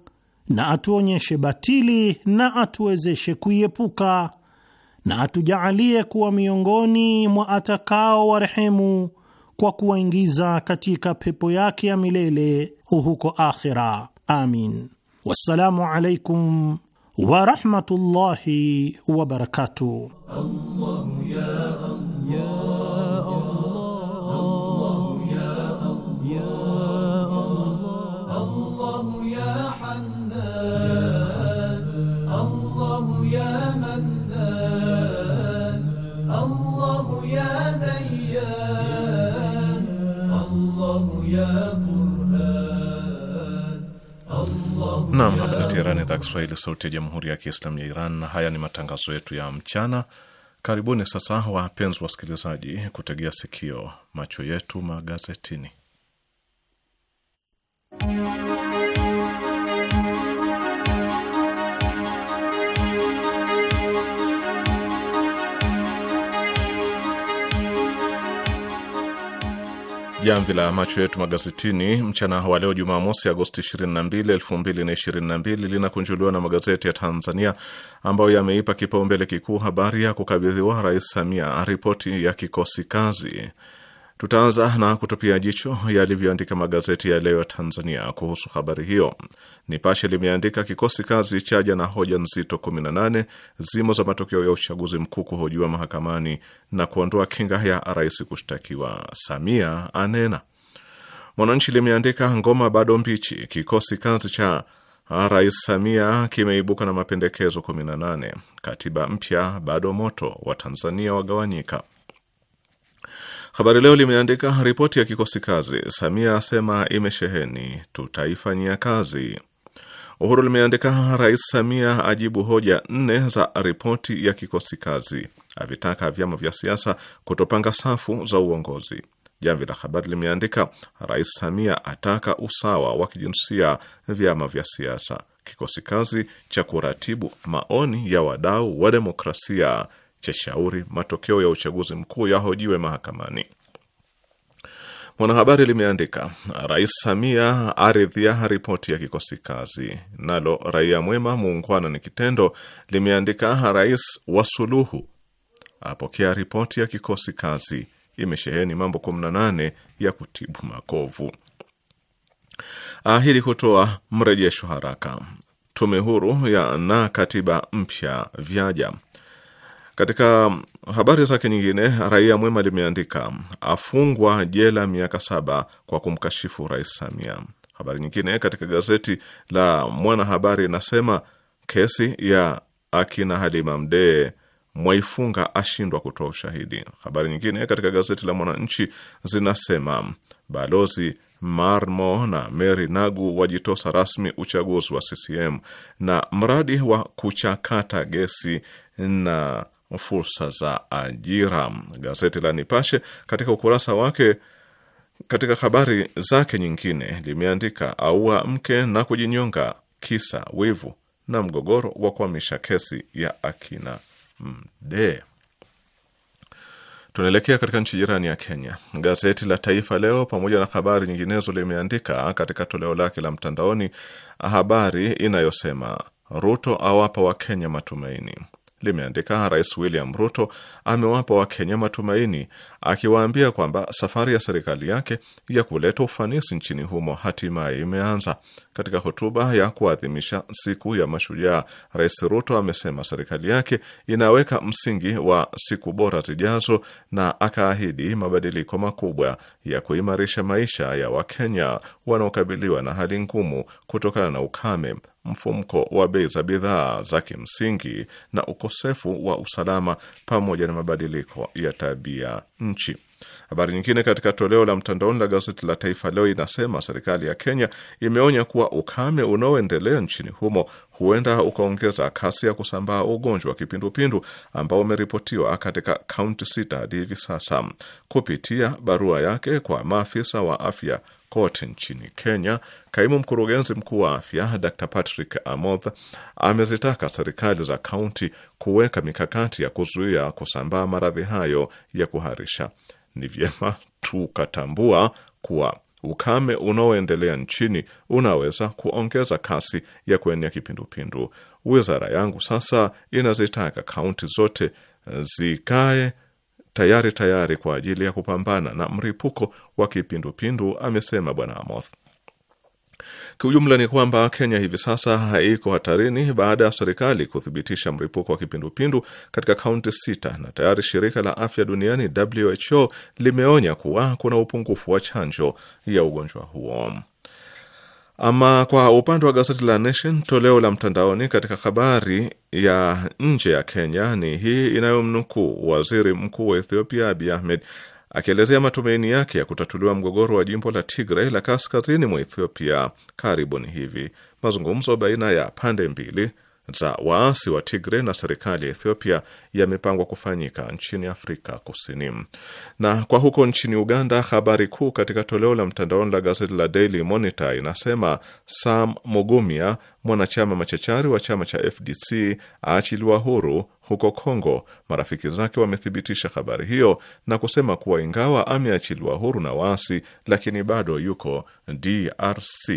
na atuonyeshe batili na atuwezeshe kuiepuka na atujaalie kuwa miongoni mwa atakao warehemu kwa kuwaingiza katika pepo yake ya milele huko akhira. Amin. Wassalamu alaikum warahmatullahi wabarakatuh. ya Allah. Nam, hapa ni Teherani, idhaa Kiswahili, sauti ya jamhuri ya kiislam ya Iran, na haya ni matangazo yetu ya mchana. Karibuni sasa wapenzi wasikilizaji, kutegea sikio macho yetu magazetini. Jamvi la macho yetu magazetini mchana wa leo Jumamosi, Agosti 22, 2022 linakunjuliwa na magazeti ya Tanzania ambayo yameipa kipaumbele kikuu habari ya kukabidhiwa Rais Samia ripoti ya kikosi kazi Tutaanza na kutupia jicho yalivyoandika magazeti ya leo ya Tanzania kuhusu habari hiyo. Nipashe limeandika kikosi kazi chaja na hoja nzito 18 zimo za matokeo ya uchaguzi mkuu kuhojiwa mahakamani na kuondoa kinga ya rais kushtakiwa, Samia anena. Mwananchi limeandika ngoma bado mbichi, kikosi kazi cha Rais Samia kimeibuka na mapendekezo 18, katiba mpya bado moto, Watanzania wagawanyika Habari Leo limeandika ripoti ya kikosi kazi, Samia asema imesheheni, tutaifanyia kazi. Uhuru limeandika Rais Samia ajibu hoja nne za ripoti ya kikosi kazi, avitaka vyama vya siasa kutopanga safu za uongozi. Jamvi la Habari limeandika Rais Samia ataka usawa wa kijinsia vyama vya siasa, kikosi kazi cha kuratibu maoni ya wadau wa demokrasia shauri matokeo ya uchaguzi mkuu yahojiwe mahakamani. Mwanahabari limeandika Rais Samia aridhia ripoti ya kikosi kazi. Nalo Raia Mwema, muungwana ni kitendo, limeandika Rais wa Suluhu apokea ripoti ya kikosi kazi, imesheheni mambo 18 ya kutibu makovu, ahidi kutoa mrejesho haraka. Tume huru ya na katiba mpya vyaja katika habari zake nyingine, Raia Mwema limeandika afungwa jela miaka saba kwa kumkashifu Rais Samia. Habari nyingine katika gazeti la Mwanahabari inasema kesi ya akina Halima Mdee Mwaifunga ashindwa kutoa ushahidi. Habari nyingine katika gazeti la Mwananchi zinasema balozi Marmo na Mary Nagu wajitosa rasmi uchaguzi wa CCM na mradi wa kuchakata gesi na fursa za ajira. Gazeti la Nipashe katika ukurasa wake katika habari zake nyingine limeandika aua mke na kujinyonga kisa wivu na mgogoro wa kuhamisha kesi ya akina Mdee. Tunaelekea katika nchi jirani ya Kenya. Gazeti la Taifa Leo pamoja na habari nyinginezo limeandika katika toleo lake la mtandaoni habari inayosema Ruto awapa Wakenya matumaini limeandika Rais William Ruto amewapa Wakenya matumaini akiwaambia kwamba safari ya serikali yake ya kuleta ufanisi nchini humo hatimaye imeanza. Katika hotuba ya kuadhimisha siku ya Mashujaa, Rais Ruto amesema serikali yake inaweka msingi wa siku bora zijazo, na akaahidi mabadiliko makubwa ya kuimarisha maisha ya Wakenya wanaokabiliwa na hali ngumu kutokana na ukame mfumko wa bei za bidhaa za kimsingi na ukosefu wa usalama pamoja na mabadiliko ya tabia nchi. Habari nyingine katika toleo la mtandaoni la gazeti la Taifa Leo inasema serikali ya Kenya imeonya kuwa ukame unaoendelea nchini humo huenda ukaongeza kasi ya kusambaa ugonjwa wa kipindupindu ambao umeripotiwa katika kaunti sita hadi hivi sasa. Kupitia barua yake kwa maafisa wa afya kote nchini Kenya, kaimu mkurugenzi mkuu wa afya Dr Patrick Amoth amezitaka serikali za kaunti kuweka mikakati ya kuzuia kusambaa maradhi hayo ya kuharisha. Ni vyema tukatambua kuwa ukame unaoendelea nchini unaweza kuongeza kasi ya kuenea kipindupindu. Wizara yangu sasa inazitaka kaunti zote zikae tayari tayari kwa ajili ya kupambana na mripuko wa kipindupindu, amesema Bwana Amoth. Kiujumla ni kwamba Kenya hivi sasa haiko hatarini baada ya serikali kuthibitisha mripuko wa kipindupindu katika kaunti sita, na tayari shirika la afya duniani WHO limeonya kuwa kuna upungufu wa chanjo ya ugonjwa huo. Ama kwa upande wa gazeti la Nation toleo la mtandaoni, katika habari ya nje ya Kenya ni hii inayomnukuu waziri mkuu wa Ethiopia Abiy Ahmed akielezea matumaini yake ya kutatuliwa mgogoro wa jimbo la Tigray la kaskazini mwa Ethiopia karibuni hivi. Mazungumzo baina ya pande mbili za waasi wa Tigre na serikali ya Ethiopia yamepangwa kufanyika nchini Afrika Kusini. Na kwa huko nchini Uganda, habari kuu katika toleo la mtandaoni la gazeti la Daily Monitor inasema Sam Mugumia, mwanachama machachari wa chama cha FDC, aachiliwa huru huko Kongo. Marafiki zake wamethibitisha habari hiyo na kusema kuwa ingawa ameachiliwa huru na waasi, lakini bado yuko DRC.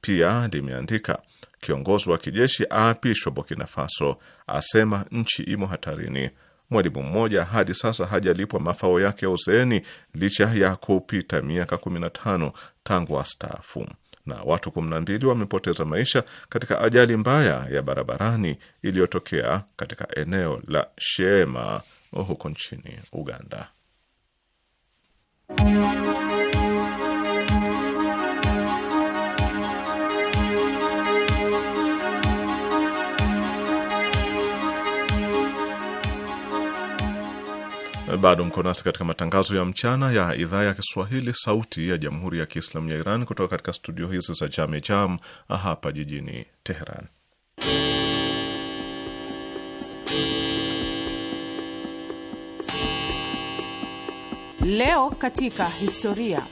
Pia limeandika Kiongozi wa kijeshi aapishwa Burkina Faso, asema nchi imo hatarini. Mwalimu mmoja hadi sasa hajalipwa mafao yake ya uzeeni licha ya kupita miaka 15 tangu astaafu. Na watu 12 wamepoteza maisha katika ajali mbaya ya barabarani iliyotokea katika eneo la Sheema huko nchini Uganda. Bado mko nasi katika matangazo ya mchana ya idhaa ya Kiswahili, sauti ya jamhuri ya kiislamu ya Iran, kutoka katika studio hizi za Jame Jam hapa jijini Teheran. Leo katika historia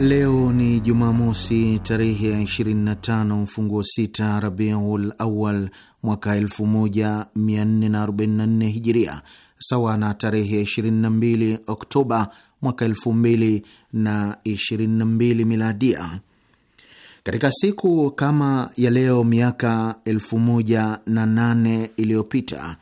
Leo ni Jumamosi tarehe ya 25 mfunguo sita Rabiul Awal mwaka 1444 Hijiria, sawa na tarehe 22 Oktoba mwaka 2022 Miladia. Katika siku kama ya leo miaka 1008 iliyopita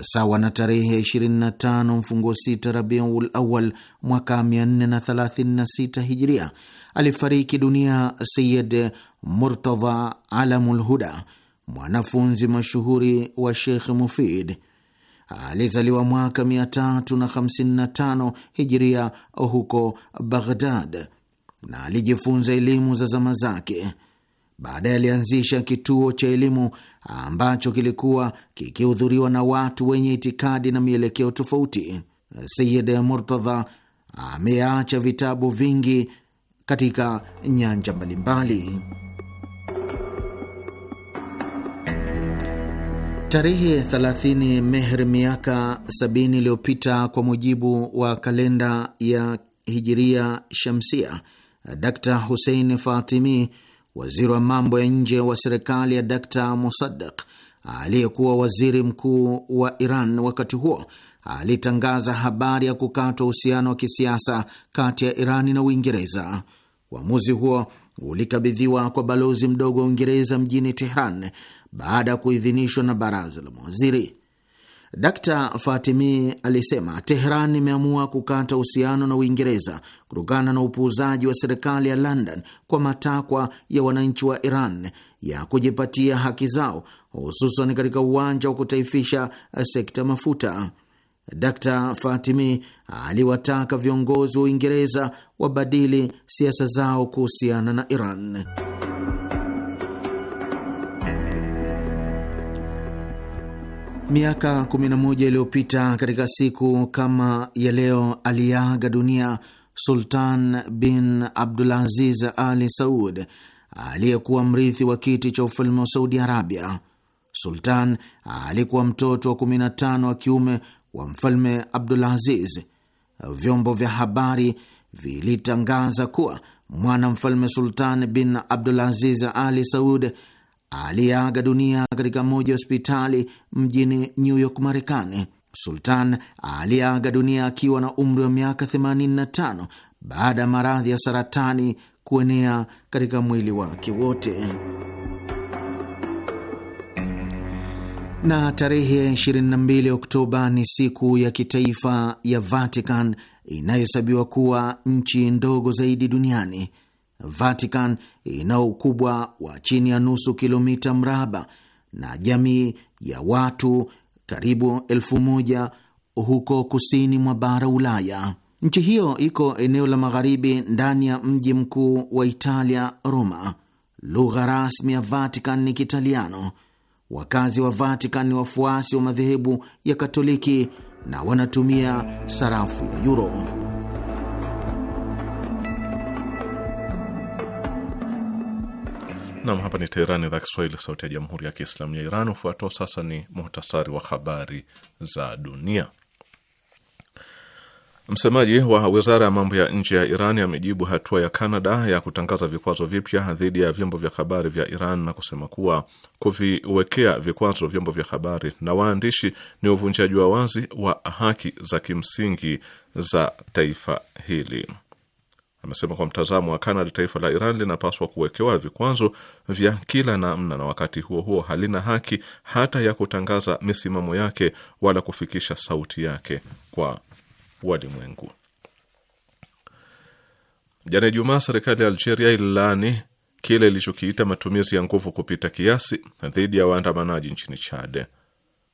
sawa na tarehe 25 mfunguo sita Rabiul Awal mwaka 436 Hijria, alifariki dunia Sayid Murtadha Alamul Huda, mwanafunzi mashuhuri wa Sheikh Mufid. Alizaliwa mwaka 355 Hijria huko Baghdad na alijifunza elimu za zama zake. Baadaye alianzisha kituo cha elimu ambacho kilikuwa kikihudhuriwa na watu wenye itikadi na mielekeo tofauti. Sayid Murtadha ameacha vitabu vingi katika nyanja mbalimbali. Tarehe 30 Mehr miaka 70 iliyopita kwa mujibu wa kalenda ya Hijiria Shamsia, Dr Hussein Fatimi waziri wa mambo ya nje wa serikali ya Dkt Mosaddeq aliyekuwa waziri mkuu wa Iran wakati huo alitangaza habari ya kukatwa uhusiano wa kisiasa kati ya Irani na Uingereza. Uamuzi huo ulikabidhiwa kwa balozi mdogo wa Uingereza mjini Tehran baada ya kuidhinishwa na baraza la mawaziri d Fatimi alisema Tehran imeamua kukata uhusiano na Uingereza kutokana na upuuzaji wa serikali ya London kwa matakwa ya wananchi wa Iran ya kujipatia haki zao, hususan katika uwanja wa kutaifisha sekta mafuta. d Fatimi aliwataka viongozi wa Uingereza wabadili siasa zao kuhusiana na Iran. Miaka 11 iliyopita katika siku kama ya leo aliaga dunia Sultan bin Abdulaziz Ali Saud aliyekuwa mrithi wa kiti cha ufalme wa Saudi Arabia. Sultan alikuwa mtoto wa 15 wa kiume wa mfalme Abdulaziz. Vyombo vya habari vilitangaza kuwa mwana mfalme Sultan bin Abdulaziz Ali Saud aliyeaga dunia katika moja ya hospitali mjini New York, Marekani. Sultan aliyeaga dunia akiwa na umri wa miaka 85 baada ya maradhi ya saratani kuenea katika mwili wake wote. Na tarehe 22 Oktoba ni siku ya kitaifa ya Vatican inayohesabiwa kuwa nchi ndogo zaidi duniani. Vatican ina ukubwa wa chini ya nusu kilomita mraba na jamii ya watu karibu elfu moja huko kusini mwa bara Ulaya. Nchi hiyo iko eneo la magharibi ndani ya mji mkuu wa Italia, Roma. Lugha rasmi ya Vatican ni Kitaliano. Wakazi wa Vatican ni wafuasi wa madhehebu ya Katoliki na wanatumia sarafu ya yuro. Nam, hapa ni Teherani, idhaa Kiswahili, sauti ya jamhuri ya kiislamu ya Iran. Ufuatao sasa ni muhtasari wa habari za dunia. Msemaji wa wizara ya mambo ya nje ya Iran amejibu hatua ya Kanada ya kutangaza vikwazo vipya dhidi ya vyombo vya habari vya Iran na kusema kuwa kuviwekea vikwazo vyombo vya habari na waandishi ni uvunjaji wa wazi wa haki za kimsingi za taifa hili. Amesema kwa mtazamo wa Kanada, taifa la Iran linapaswa kuwekewa vikwazo vya kila namna, na wakati huo huo halina haki hata ya kutangaza misimamo yake wala kufikisha sauti yake kwa walimwengu. Jana Ijumaa, serikali ya Algeria ililaani kile ilichokiita matumizi ya nguvu kupita kiasi dhidi ya waandamanaji nchini Chad.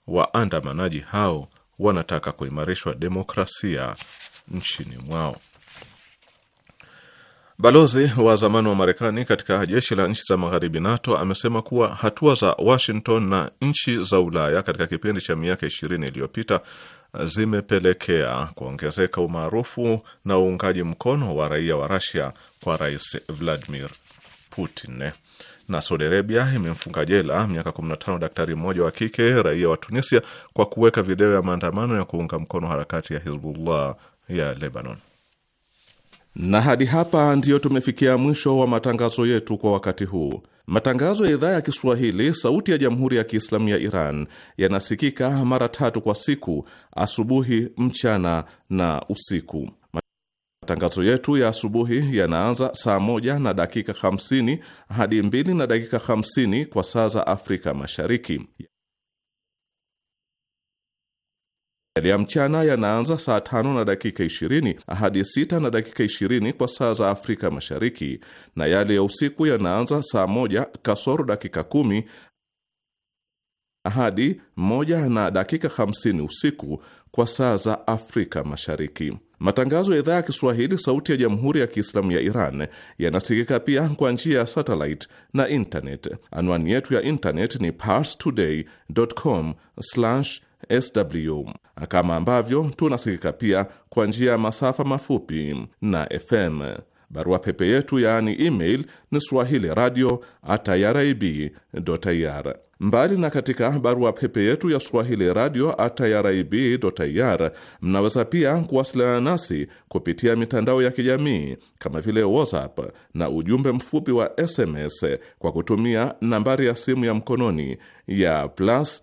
Waandamanaji hao wanataka kuimarishwa demokrasia nchini mwao. Balozi wa zamani wa Marekani katika jeshi la nchi za magharibi NATO amesema kuwa hatua za Washington na nchi za Ulaya katika kipindi cha miaka ishirini iliyopita zimepelekea kuongezeka umaarufu na uungaji mkono wa raia wa rasia kwa Rais Vladimir Putin. Na Saudi Arabia imemfunga jela miaka 15 daktari mmoja wa kike raia wa Tunisia kwa kuweka video ya maandamano ya kuunga mkono harakati ya Hizbullah ya Lebanon. Na hadi hapa ndiyo tumefikia mwisho wa matangazo yetu kwa wakati huu. Matangazo ya idhaa ya Kiswahili, sauti ya jamhuri ya kiislamu ya Iran yanasikika mara tatu kwa siku: asubuhi, mchana na usiku. Matangazo yetu ya asubuhi yanaanza saa moja na dakika 50 hadi mbili na dakika 50 kwa saa za Afrika Mashariki. ya mchana yanaanza saa tano na dakika ishirini hadi sita na dakika ishirini kwa saa za Afrika Mashariki, na yale ya usiku yanaanza saa moja kasoro dakika kumi hadi moja na dakika hamsini usiku kwa saa za Afrika Mashariki. Matangazo ya idhaa ya Kiswahili sauti ya Jamhuri ya Kiislamu ya Iran yanasikika pia kwa njia ya satellite na internet. Anwani yetu ya internet ni parstoday.com/ SW, kama ambavyo tunasikika pia kwa njia ya masafa mafupi na FM. Barua pepe yetu yaani email ni swahili radio at irib ir. Mbali na katika barua pepe yetu ya swahili radio at irib ir, mnaweza pia kuwasiliana nasi kupitia mitandao ya kijamii kama vile WhatsApp na ujumbe mfupi wa SMS kwa kutumia nambari ya simu ya mkononi ya plus